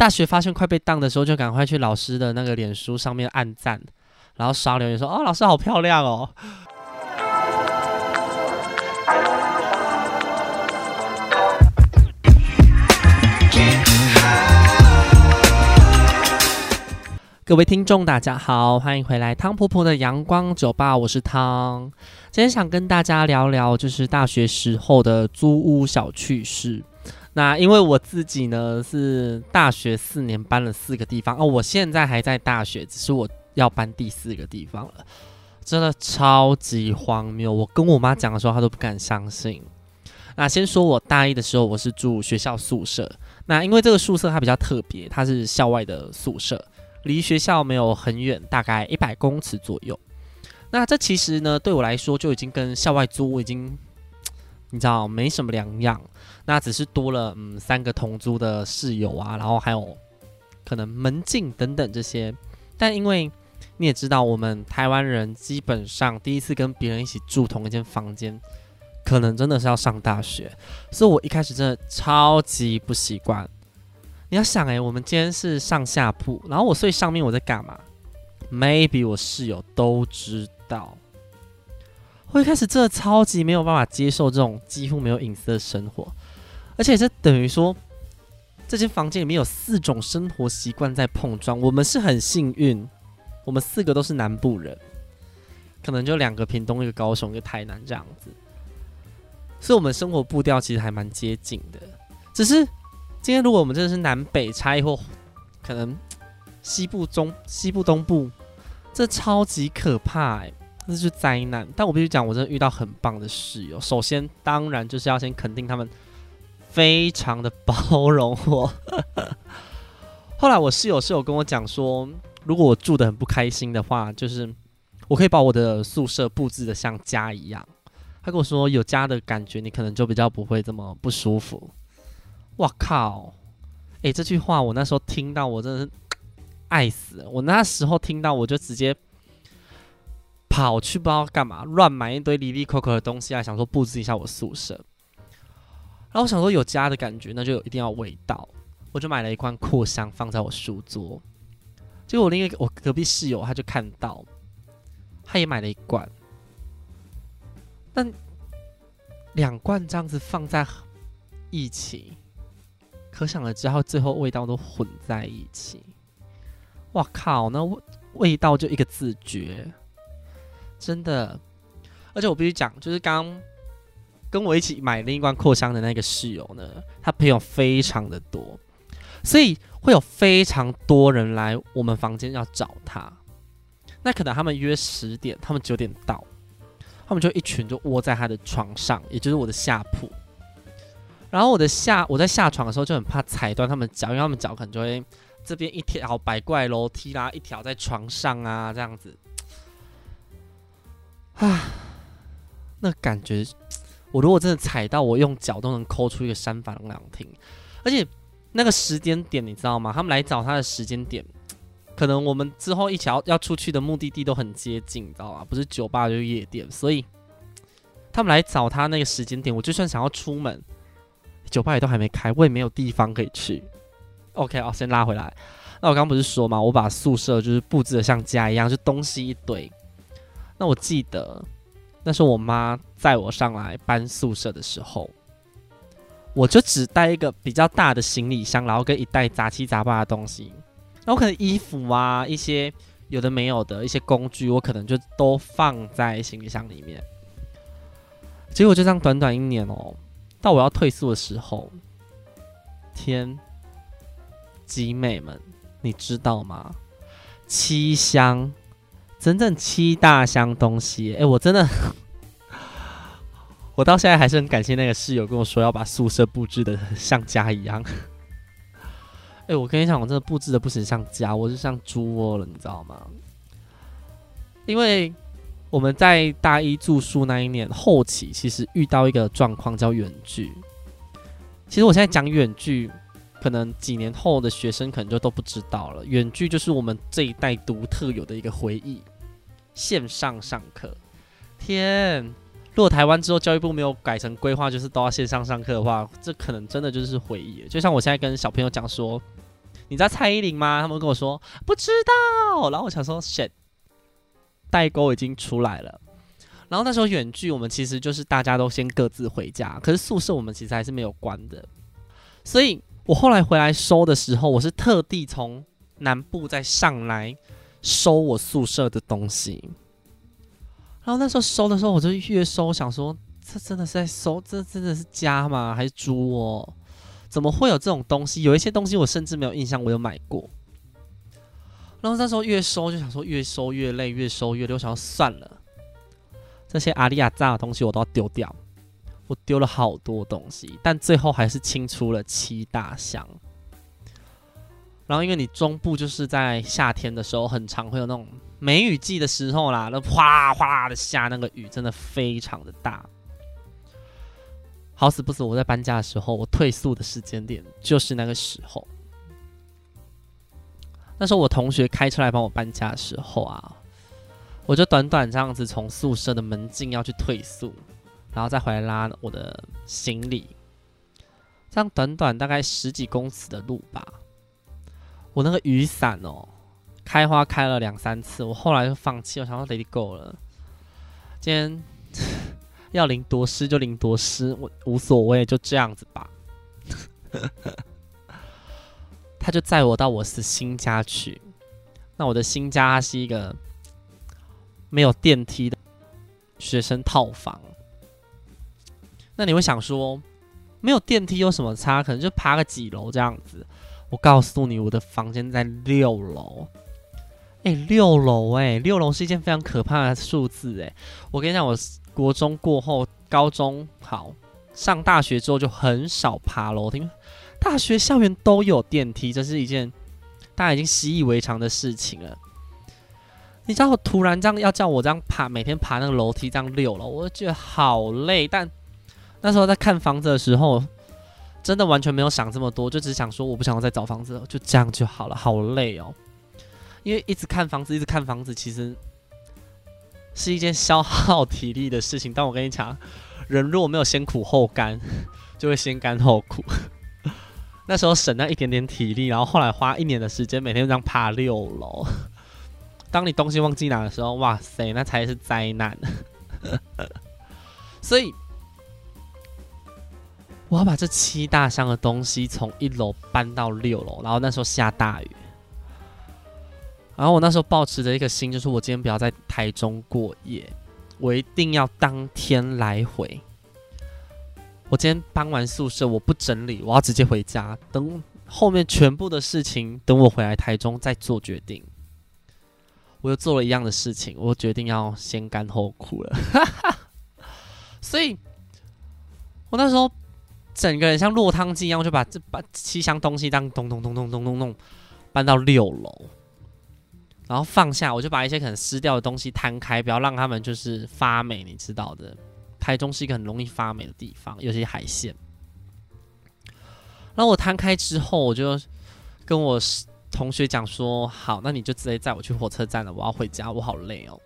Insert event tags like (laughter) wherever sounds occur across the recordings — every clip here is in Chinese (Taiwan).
大學發現快被當的時候，就趕快去老師的那個臉書上面按讚，然後刷留言說：“哦，老師好漂亮哦！” (music) 各位聽眾，大家好，歡迎回來湯婆婆的陽光酒吧，我是湯，今天想跟大家聊聊，就是大學時候的租屋小趣事。那因為我自己呢，是大學四年搬了四個地方哦。我現在還在大學，只是我要搬第四個地方了，真的超級荒謬。我跟我媽講的時候，她都不敢相信。那先說我大一的時候，我是住學校宿舍。那因為這個宿舍它比較特別，它是校外的宿舍，離學校沒有很遠，大概一百公尺左右。那這其實呢，對我來說就已經跟校外租，我已經。你知道，沒什麼兩樣，那只是多了嗯三個同租的室友啊，然後還有可能門禁等等這些。但因為你也知道，我們台灣人基本上第一次跟別人一起住同一間房間，可能真的是要上大學，所以我一開始真的超級不習慣。你要想哎、欸，我們今天是上下鋪，然後我睡上面，我在幹嘛？Maybe 我室友都知道。我一開始真的超級沒有辦法接受這種幾乎沒有隱私的生活，而且這等於說，這間房間裡面有四種生活習慣在碰撞。我們是很幸運，我們四個都是南部人，可能就兩個屏東、一個高雄、一個台南這樣子，所以我們生活步調其實還蠻接近的。只是今天如果我們真的是南北差異或可能西部中、西部東部，這超級可怕，欸。那是災難，但我必須講，我真的遇到很棒的室友哦。首先，當然就是要先肯定他們非常的包容我。 (laughs) 後來我室友室友跟我講說，如果我住的很不開心的話，就是我可以把我的宿舍佈置的像家一樣。他跟我說，有家的感覺，你可能就比較不會這麼不舒服。哇靠！誒、欸，這句話我那時候聽到，我真的是愛死。我那時候聽到，我就直接。跑去不知道幹嘛，亂買一堆離離口口的東西啊。想說布置一下我宿舍。然後我想說有家的感覺，那就有一定要味道，我就買了一罐擴香放在我書桌。結果我另一個我隔壁室友他就看到，他也買了一罐，但兩罐這樣子放在一起，可想而知，最後味道都混在一起。哇靠！那味味道就一個字絕。真的，而且我必須講，就是剛跟我一起買另一罐擴香的那個室友呢，他朋友非常的多，所以會有非常多人來我們房間要找他。那可能他們約十點，他們九點到，他們就一群就窩在他的床上，也就是我的下鋪。然後我的下我在下床的時候就很怕踩斷他們腳，因為他們腳可能就會這邊一條白怪樓梯啦、啊，一條在床上啊這樣子。啊，那感覺，我如果真的踩到，我用腳都能摳出一個三房兩廳，而且那個時間點你知道嗎？他們來找他的時間點，可能我們之後一起要要出去的目的地都很接近，你知道吧？不是酒吧就是夜店，所以他們來找他那個時間點，我就算想要出門，酒吧也都還沒開，我也沒有地方可以去。OK，哦，先拉回來。那我剛剛不是說嘛，我把宿舍就是佈置得像家一樣，就東西一堆。那我記得，那是我媽載我上來搬宿舍的時候，我就只帶一個比較大的行李箱，然後跟一袋雜七雜八的東西。那我可能衣服啊，一些有的沒有的一些工具，我可能就都放在行李箱裡面。結果就這樣，短短一年哦、喔，到我要退宿的時候，天，集美們，你知道嗎？七箱。整整七大箱東西，哎、欸，我真的，我到現在還是很感謝那個室友跟我說要把宿舍布置的像家一樣。哎、欸，我跟你講，我這布置的不是像家，我是像豬窩了，你知道嗎？因為我們在大一住宿那一年後期，其實遇到一個狀況叫遠距。其實我現在講遠距，可能幾年後的學生可能就都不知道了。遠距就是我們這一代獨特有的一個回憶。線上上課，天！如果台灣之後教育部沒有改成規劃，就是都要線上上課的話，這可能真的就是回憶。就像我現在跟小朋友講說：“你知道蔡依林嗎？”他們跟我說不知道，然後我想說：“shit，代溝已經出來了。”然後那時候遠距，我們其實就是大家都先各自回家，可是宿舍我們其實還是沒有關的。所以我後來回來收的時候，我是特地從南部再上來。收我宿舍的東西，然後那時候收的時候，我就越收想說，這真的是在收，這真的是家嗎？還是豬窩？怎麼會有這種東西？有一些東西我甚至沒有印象，我有買過。然後那時候越收就想說，越收越累，越收越累。我想算了，這些阿里阿雜的東西我都要丟掉。我丟了好多東西，但最後還是清出了七大箱。然後，因為你中部就是在夏天的時候，很常會有那種梅雨季的時候啦，那嘩啦嘩啦的下，那個雨真的非常的大。好死不死，我在搬家的時候，我退宿的時間點就是那個時候。那時候我同學開車來幫我搬家的時候啊，我就短短這樣子從宿舍的門禁要去退宿，然後再回來拉我的行李，這樣短短大概十幾公尺的路吧。我那個雨傘哦、喔，開花開了兩三次，我後來就放棄了，我想說 Let it go 了。今天要淋多濕就淋多濕，我無所謂，就這樣子吧。 (laughs) 他就載我到我的新家去。那我的新家是一個沒有電梯的學生套房。那你會想說，沒有電梯有什麼差？可能就爬個幾樓這樣子。我告訴你，我的房間在六樓。誒，六樓誒，六樓是一件非常可怕的數字誒，我跟你講，我國中過後，高中好，上大學之後就很少爬樓梯。大學校園都有電梯，這是一件大家已經習以為常的事情了。你知道，突然這樣要叫我這樣爬，每天爬那個樓梯這樣六樓，我就覺得好累。但那時候在看房子的時候，真的完全沒有想這麼多，就只想說我不想要再找房子了，就這樣就好了。好累哦，因為一直看房子，一直看房子，其實是一件消耗體力的事情。但我跟你講，人如果沒有先苦後甘，就會先甘後苦。 (laughs) 那時候省那一點點體力，然後後來花一年的時間，每天這樣爬六樓。當你東西忘記拿的時候，哇塞，那才是災難。 (laughs) 所以。我要把這七大箱的東西從一樓搬到六樓，然後那時候下大雨，然後我那時候抱持着一顆心就是：我今天不要在台中過夜，我一定要當天來回。我今天搬完宿舍，我不整理，我要直接回家。等後面全部的事情，等我回來台中再做決定。我又做了一樣的事情，我決定要先干後苦了。 (laughs) 所以，我那時候。整個人像落湯雞一樣，我就把這把七箱東西當咚咚咚咚咚咚咚搬到六樓，然後放下，我就把一些可能濕掉的東西攤開，不要讓他們就是發霉，你知道的，台中是一個很容易發霉的地方，尤其海鮮。然後我攤開之後，我就跟我同學講說：“好，那你就直接載我去火車站了，我要回家，我好累哦。”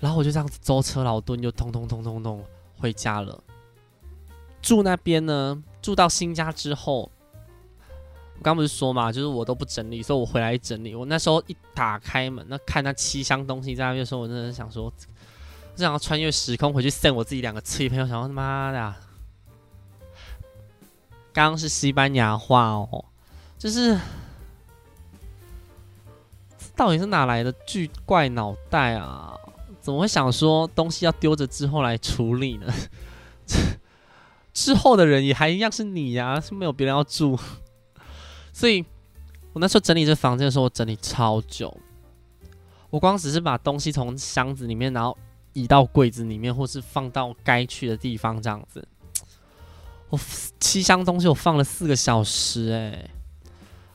然後我就這樣子舟車勞頓，就咚咚咚咚咚回家了。住那邊呢？住到新家之後，我剛不是說嘛，就是我都不整理，所以我回來整理。我那時候一打開門，那看那七箱東西在那邊的時候，我真的想說，我想要穿越時空回去送我自己兩個吃魚朋友。我想說他媽的，啊，剛剛是西班牙話哦，就是這到底是哪來的巨怪腦袋啊？怎麼會想說東西要丟着之後來處理呢？ (laughs) 之後的人也還一樣是你呀，啊，是沒有別人要住。所以我那時候整理這房間的時候，我整理超久。我光只是把東西從箱子裡面，然後移到櫃子裡面，或是放到該去的地方這樣子。我七箱東西，我放了四個小時哎，欸，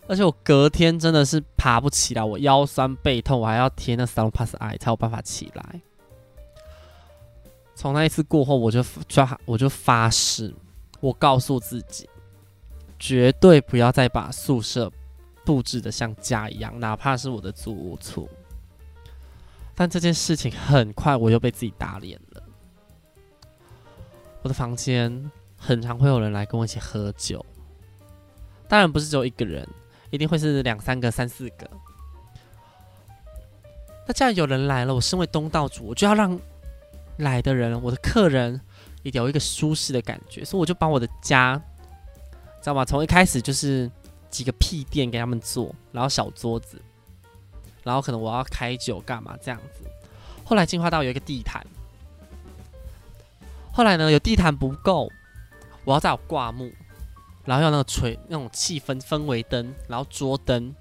而且我隔天真的是爬不起來，我腰痠背痛，我還要貼那撒隆巴斯 Ae 才有辦法起來。從那一次過後，我就抓，我就發誓，我告訴自己，絕對不要再把宿舍布置得像家一樣，哪怕是我的租屋處。但這件事情很快我又被自己打臉了。我的房間很常會有人來跟我一起喝酒，當然不是只有一個人，一定會是兩三個、三四個。那既然有人來了，我身為東道主，我就要讓。來的人，我的客人也有一個舒適的感覺，所以我就把我的家，知道嗎？從一開始就是幾個屁墊給他們坐，然後小桌子，然後可能我要開酒幹嘛這樣子。後來進化到有一個地毯，後來呢有地毯不夠，我要再有掛木，然後要那個垂那種氣氛氛圍燈，然後桌燈，燈，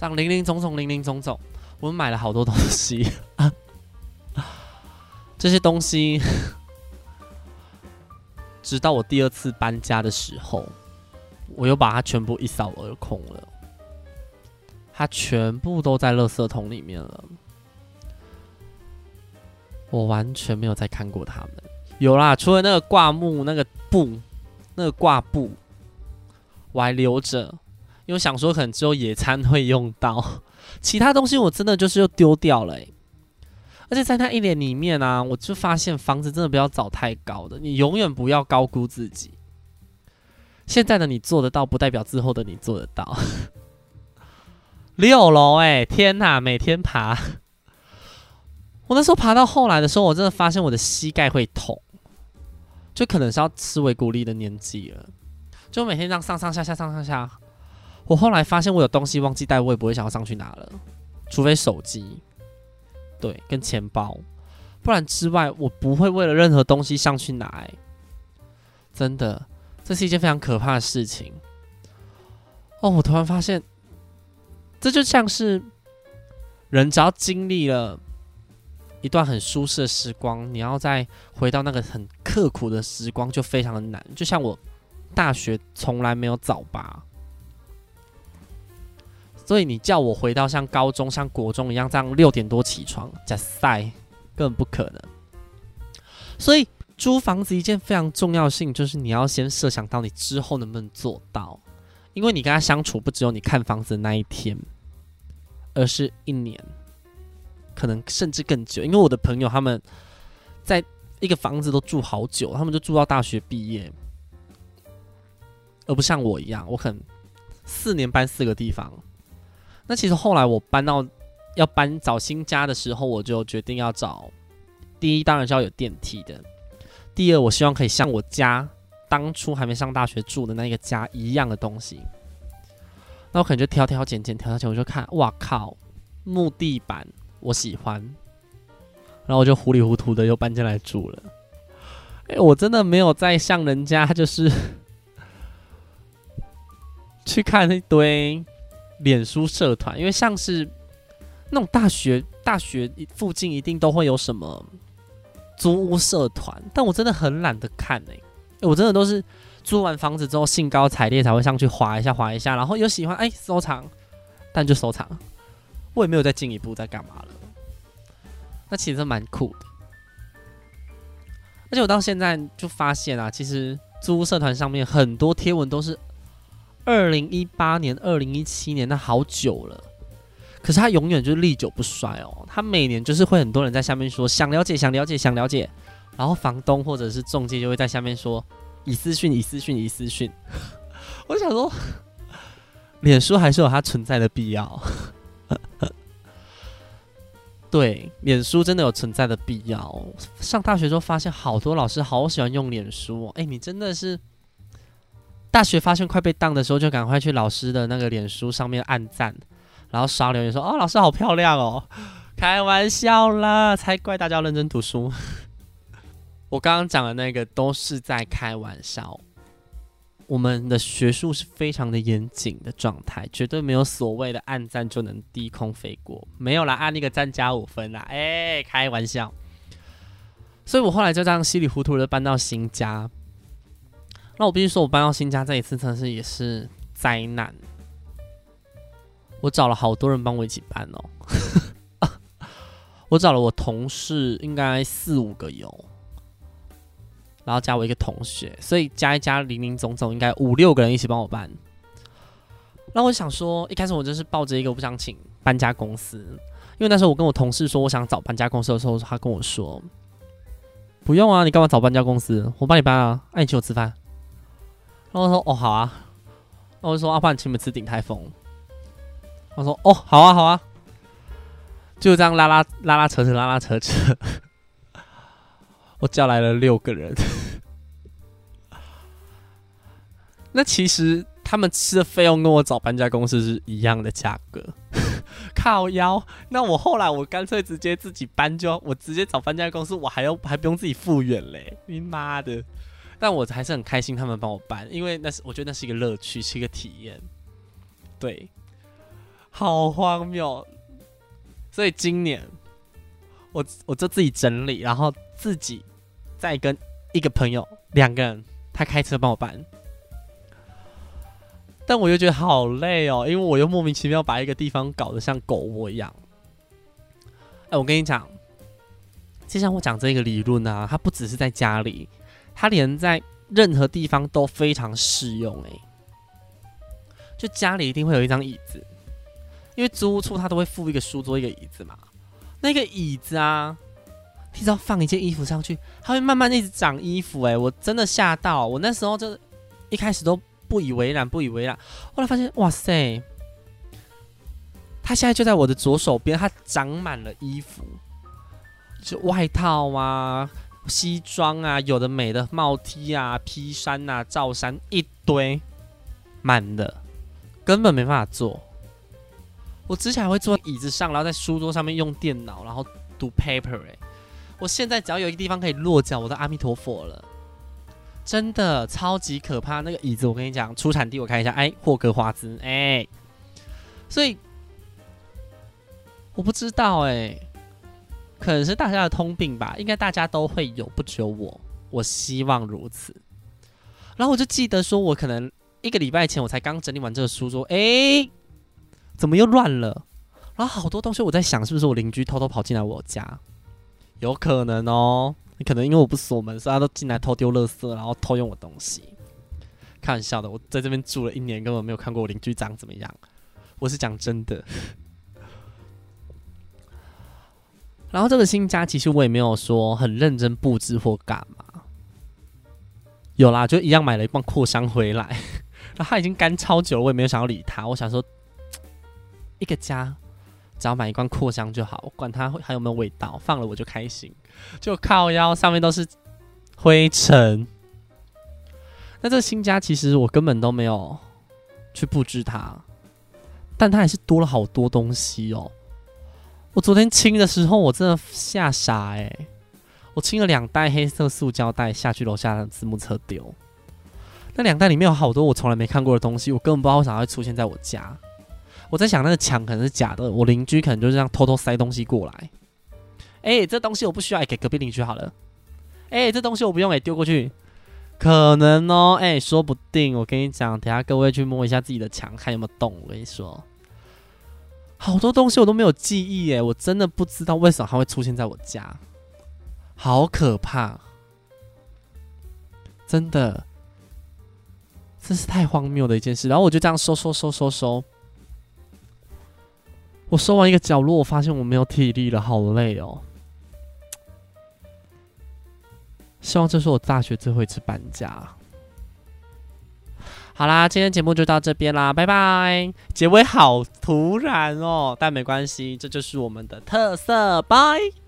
這樣林林總總林林總總，我們買了好多東西啊。呵呵這些東西，直到我第二次搬家的時候，我又把它全部一掃而空了。它全部都在垃圾桶裡面了。我完全沒有再看過它們。有啦，除了那個掛幕、那個布、那個掛布，我還留着，因為想說可能只有野餐會用到。其他東西我真的就是又丟掉了欸。而且在那一年裡面啊，我就發現房子真的不要找太高的，你永遠不要高估自己。現在的你做得到，不代表之後的你做得到。 (laughs) 六樓，誒，天哪！每天爬， (laughs) 我那時候爬到後來的時候，我真的發現我的膝蓋會痛，就可能是要維骨力的年紀了。就每天這樣上上下下，上上下。我後來發現我有東西忘記帶，我也不會想要上去拿了，除非手機。對，跟錢包，不然之外，我不會為了任何東西上去拿。真的，這是一件非常可怕的事情。哦，我突然發現，這就像是人只要經歷了一段很舒適的時光，你要再回到那個很刻苦的時光，就非常的難。就像我大學從來沒有早八。所以你叫我回到像高中、像國中一樣，這樣六點多起床，假賽，根本不可能。所以租房子一件非常重要性，就是你要先設想到你之後能不能做到，因為你跟他相處不只有你看房子的那一天，而是一年，可能甚至更久。因為我的朋友他們，在一個房子都住好久，他們就住到大學畢業，而不像我一樣，我可能四年搬四個地方。那其實後來我搬到要搬找新家的時候，我就決定要找，第一當然是要有電梯的，第二我希望可以像我家當初還沒上大學住的那個家一樣的東西。那我感覺挑挑揀揀挑挑揀，我就看，哇靠，木地板我喜歡，然後我就糊里糊塗的又搬進來住了。哎，我真的沒有再像人家就是 (laughs) 去看一堆。臉書社團，因為像是那種大學大學附近一定都會有什麼租屋社團，但我真的很懶得看呢、欸欸，我真的都是租完房子之後興高采烈才會上去滑一下滑一下，然後又喜歡哎、欸、收藏，但就收藏，我也沒有再進一步在幹嘛了。那其實蠻酷的，而且我到現在就發現啊，其實租屋社團上面很多貼文都是。二零一八年、二零一七年，那好久了。可是他永遠就是歷久不衰哦。他每年就是會很多人在下面說想了解、想了解、想了解，然後房東或者是中介就會在下面說已私訊、已私訊、已私訊。 (laughs) 我想說，臉書還是有它存在的必要。 (laughs) 對，臉書真的有存在的必要。上大學之後發現好多老師好喜歡用臉書哦。哎、欸，你真的是。大學發現快被當的時候，就趕快去老師的那個臉書上面按讚，然後刷留言說：“哦，老師好漂亮哦！”開玩笑啦，才怪！大家要認真讀書。 (laughs) 我剛剛講的那個都是在開玩笑。我們的學術是非常的嚴謹的狀態，絕對沒有所謂的按讚就能低空飛過。沒有啦，按那個讚加五分啦！哎、欸，開玩笑。所以我後來就這樣稀里糊塗的搬到新家。那我必須說，我搬到新家這一次，城市也是災難。我找了好多人幫我一起搬哦、喔， (laughs) 我找了我同事應該四五個有，然後加我一個同學，所以加一加，零零總總應該五六個人一起幫我搬。那我想說，一開始我就是抱着一個我不想請搬家公司，因為那時候我跟我同事說我想找搬家公司的時候，他跟我說不用啊，你幹嘛找搬家公司？我幫你搬啊，那、啊、你請我吃飯。然後我說：“哦，好啊。”我就說：“阿、啊、胖，請不吃鼎泰豐？”他說：“哦，好啊，好啊。”就這樣拉拉拉拉扯扯拉拉扯扯。拉拉扯扯 (laughs) 我叫來了六個人。 (laughs) 那其實他們吃的費用跟我找搬家公司是一樣的價格， (laughs) 靠腰。那我後來我乾脆直接自己搬就，我直接找搬家公司，我還要還不用自己復原嘞，你媽的！但我還是很開心，他們幫我搬，因為那是我覺得那是一個樂趣，是一個體驗，對，好荒謬。所以今年我我就自己整理，然後自己再跟一個朋友兩個人，他開車幫我搬。但我又覺得好累哦，因為我又莫名其妙把一個地方搞得像狗窩一樣。哎，我跟你講，就像我講這個理論啊，它不只是在家裡。它連在任何地方都非常適用，哎，就家裡一定會有一張椅子，因為租屋處他都會附一個書桌一個椅子嘛，那個椅子啊，你知道放一件衣服上去，它會慢慢一直長衣服，哎，我真的嚇到，我那時候就是一開始都不以為然，不以為然，後來發現，哇塞，它現在就在我的左手邊，它長滿了衣服，就外套啊。西裝啊，有的、沒的，帽 T 啊，披衫啊，罩衫一堆，滿的，根本沒辦法坐。我之前還會坐椅子上，然後在書桌上面用電腦，然後讀 paper、欸。哎，我現在只要有一個地方可以落腳，我都阿彌陀佛了。真的超級可怕。那個椅子，我跟你講，出產地我看一下。哎，霍格華茲。哎，所以我不知道哎、欸。可能是大家的通病吧，應該大家都會有，不只有我，我希望如此。然後我就記得說，我可能一個禮拜前我才剛整理完這個書桌，哎，怎麼又亂了？然後好多東西，我在想是不是我鄰居偷偷跑進來我家？有可能哦，你可能因為我不鎖門，所以他都進來偷丟垃圾，然後偷用我東西。開玩笑的，我在這邊住了一年，根本沒有看過我鄰居長怎麼樣。我是講真的。然後這個新家其實我也沒有說很認真布置或幹嘛，有啦，就一樣買了一罐擴香回來。然後它已經乾超久了，我也沒有想要理它。我想說，一個家只要買一罐擴香就好，我管它還有沒有味道，放了我就開心。就靠腰上面都是灰塵。那這個新家其實我根本都沒有去布置它，但它還是多了好多東西哦。我昨天清的時候，我真的嚇傻誒、欸，我清了兩袋黑色塑膠袋下去樓下的字幕車丟，那兩袋裡面有好多我從來沒看過的東西，我根本不知道為啥會出現在我家。我在想那個牆可能是假的，我鄰居可能就是這樣偷偷塞東西過來。誒、欸，這東西我不需要，誒，給隔壁鄰居好了。誒、欸，這東西我不用，誒，丟過去。可能哦、喔，誒、欸，說不定。我跟你講，等一下各位去摸一下自己的牆，看有沒有洞。我跟你說。好多東西我都沒有記憶耶，我真的不知道為什麼它會出現在我家，好可怕！真的，真是太荒謬的一件事。然後我就這樣收收收收收，我收完一個角落，我發現我沒有體力了，好累哦。希望這是我大學最後一次搬家。好啦，今天節目就到這邊啦，拜拜！結尾好突然哦，但沒關係，這就是我們的特色，拜。